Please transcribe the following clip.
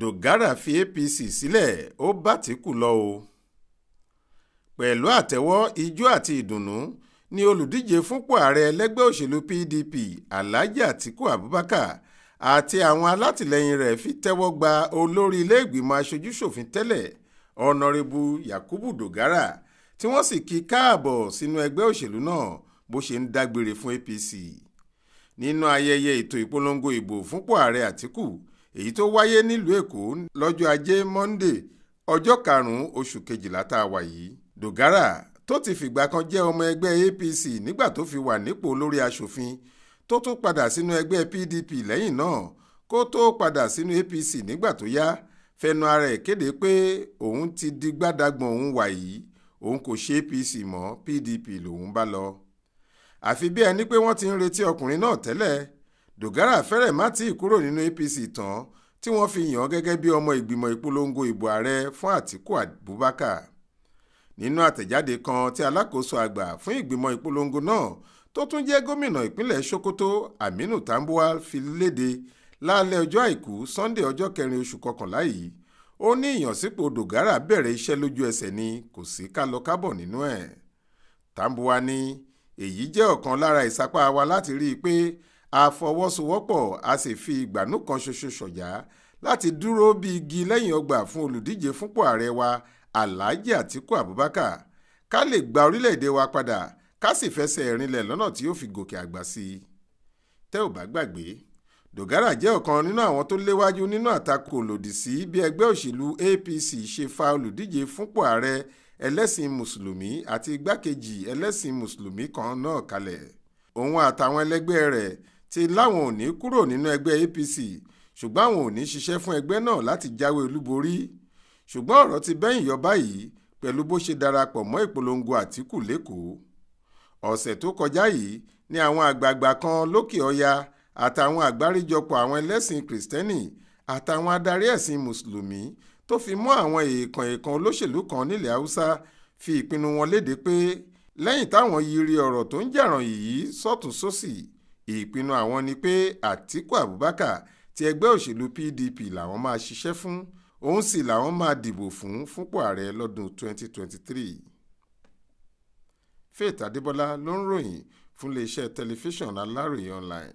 dogara fi apc sílẹ̀ ó bá lọ o pẹ̀lú àtẹ́wọ́ ijó àti ìdùnnú ni olùdíje fúnpò ààrẹ ẹlẹ́gbẹ́ òṣèlú pdp alhaji atiku abubakar àti àwọn alátìlẹyìn rẹ̀ fi tẹ́wọ́ gba olórí ilé-ìgbìmọ̀ aṣojú-ṣòfin tẹ́lẹ̀ ọ̀nàrẹ́bù yakubu dogara tí wọ́n sì kí káàbọ̀ sínú ẹgbẹ́ òṣèlú náà bó ṣe ń dágbére fún apc nínú ayẹyẹ ètò ìpolongo ìbò fúnpò ààrẹ atiku èyí tó wáyé nílùú èkó lọ́jọ́ ajé monde ọjọ́ karùn-ún oṣù kejìlá tá a wà yìí dogara tó ti fìgbà kan jẹ́ ọmọ ẹgbẹ́ apc nígbà tó fi wà nípò olórí asòfin tó tún padà sínú ẹgbẹ́ pdp lẹ́yìn náà kó tó padà sínú apc nígbà tó yá fẹnu ara ẹ̀ kéde pé òun ti di gbádàgbọ̀n òun wà yìí òun kò ṣe apc mọ́ pdp lòun bá lọ àfi bí ẹni pé wọ́n ti ń retí ọkùnrin náà tẹ́lẹ̀ dogara fẹ́rẹ̀ má tíì kúrò nínú apc tán tí wọ́n fi yàn án gẹ́gẹ́ bí ọmọ ìgbìmọ̀ ìpolongo ìbò ààrẹ fún àtiku abubakar nínú àtẹ̀jáde kan tí alákòóso àgbà fún ìgbìmọ̀ ìpolongo náà tó tún jẹ́ gómìnà ìpínlẹ̀ sokoto aminu tambuwa fi léde lálẹ́ ọjọ́ àìkú sunday ọjọ́ kẹrin oṣù kọkànlá yìí ó ní ìyànsípò dogara bẹ̀rẹ̀ iṣẹ́ lójú ẹsẹ̀ ni kò sí kálọ kábọ̀ nínú ẹ̀ tambuwa ní èyí jẹ́ ọ̀kan lára ìsapá wa láti rí i pé a fọwọ́sowọ́pọ̀ a sì fi ìgbànú kan ṣoṣo ṣọ̀yá láti dúró bí igi lẹ́yìn ọgbà fún olùdíje fúnpò ààrẹ wa alhaji atiku abubakar ká lè gba orílẹ̀-èdè wa padà ká sì fẹsẹ̀ rinlẹ̀ lọ́nà tí yóò fi gòkè àgbà sí i tẹ́ ò bá gbàgbé dogara jẹ́ ọ̀kan nínú àwọn tó léwájú nínú àtakò lòdì sí bí ẹgbẹ́ òṣèlú apc ṣe fa olùdíje fúnpò ààrẹ ẹlẹ́sìn mùsùlùmí àti igbákejì ẹlẹ́sìn mùsùlùmí kan náà kalẹ̀ òun àtàwọn ẹlẹgbẹ́ rẹ̀ ti láwọn ò ní kúrò nínú ẹgbẹ́ APC ṣùgbọ́n àwọn ò ní ṣiṣẹ́ fún ẹgbẹ́ náà láti jáwé olúborí ṣùgbọ́n ọ̀rọ̀ ti bẹ́yìn yọ báyìí pẹ̀lú bó ṣe darapọ̀ mọ́ ìpolongo Àtíkù lẹ́kọ̀ọ́ ọ̀sẹ̀ tó kọjá yìí ni àwọn àgbààgbà kan lókè ọya àtàwọn àgbáríjọpọ̀ àwọn ẹlẹ́sìn kìrìsìtẹ́nì àtàwọn adarí ẹ̀sìn mùsùlùmí tó fi mọ́ àwọn èèkàn èèkàn olóṣèlú kan nílẹ̀ haúsá fi ìpinnu wọn léde pé lẹ́yìn táwọn yiri ọ̀rọ̀ tó ń jàràn yìí sọ́tún sósì ìpinnu àwọn ni pé àtiku abubakar ti ẹgbẹ́ òṣèlú pdp làwọn máa ṣiṣẹ́ fún òun sì làwọn máa dìbò fún fúnpọ̀ ààrẹ lọ́dún 2023 faith adébọlá ló ń ròyìn fún iléeṣẹ́ tẹlifíṣàn aláròye online